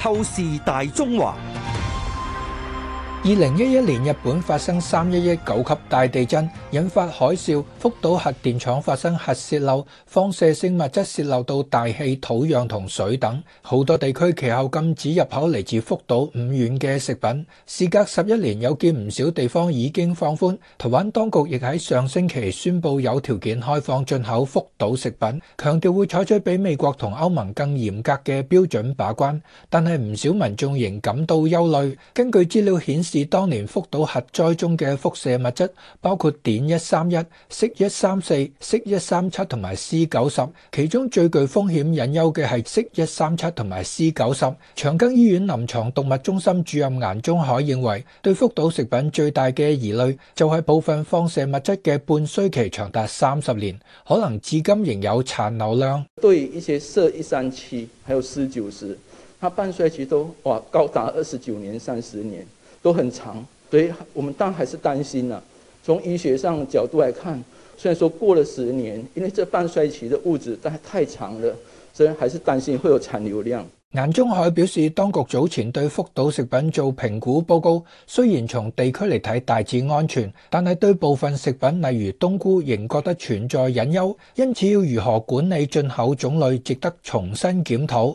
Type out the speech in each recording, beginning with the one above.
透視大中華。二零一一年，日本發生三一一九級大地震，引發海嘯，福島核電廠發生核洩漏，放射性物質洩漏到大氣、土壤同水等，好多地區其後禁止入口嚟自福島五縣嘅食品。事隔十一年，有見唔少地方已經放寬，台灣當局亦喺上星期宣布有條件開放進口福島食品，強調會採取比美國同歐盟更嚴格嘅標準把關，但係唔少民眾仍感到憂慮。根據資料顯示，是當年福島核災中嘅輻射物質，包括碘一三一、铯一三四、铯一三七同埋鍶九十，其中最具風險隱憂嘅係铯一三七同埋鍶九十。長庚醫院臨床動物中心主任顏中海認為，對福島食品最大嘅疑慮就係部分放射物質嘅半衰期長達三十年，可能至今仍有殘留量。對一些铯一三七，還有鍶九十，它半衰期都哇高達二十九年、三十年。都很長，所以我們當然還是擔心啦。從醫學上的角度來看，雖然說過了十年，因為這半衰期的物質但太長了，所以還是擔心會有殘留量。顏宗海表示，當局早前對福島食品做評估報告，雖然從地區嚟睇大致安全，但係對部分食品例如冬菇，仍覺得存在隱憂，因此要如何管理進口種類，值得重新檢討。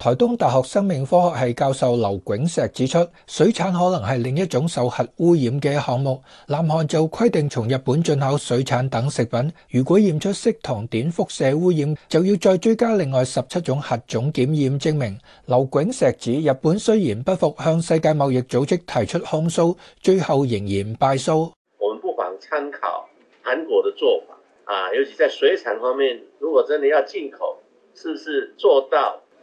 台東大學生命科學系教授劉景石指出，水產可能係另一種受核污染嘅項目。南韓就規定，從日本進口水產等食品，如果驗出銫同碘輻射污染，就要再追加另外十七種核種檢驗證明。劉景石指，日本雖然不服向世界貿易組織提出控訴，最後仍然敗訴。我們不妨參考韓國的做法啊，尤其在水產方面，如果真的要進口，是不是做到？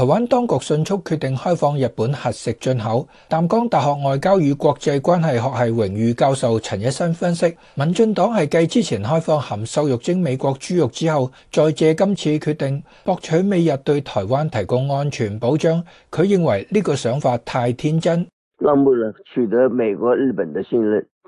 台灣當局迅速決定開放日本核食進口。淡江大學外交與國際關係學系榮譽教授陳一新分析，民進黨係繼之前開放含瘦肉精美國豬肉之後，再借今次決定博取美日對台灣提供安全保障。佢認為呢個想法太天真，能不能取得美國日本的信任？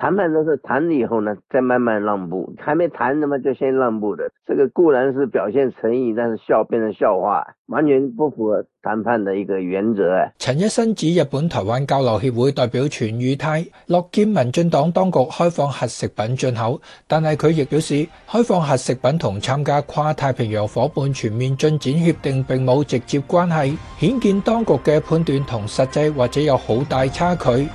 談判都是談了以後呢，再慢慢讓步，還沒談，那麼就先讓步的，這個固然是表現誠意，但是笑變成笑話，完全不符合談判的一個原則。陳一新指，日本台灣交流協會代表泉裕泰樂見民進黨當局開放核食品進口，但係佢亦表示，開放核食品同參加跨太平洋伙伴全面進展協定並冇直接關係，顯見當局嘅判斷同實際或者有好大差距。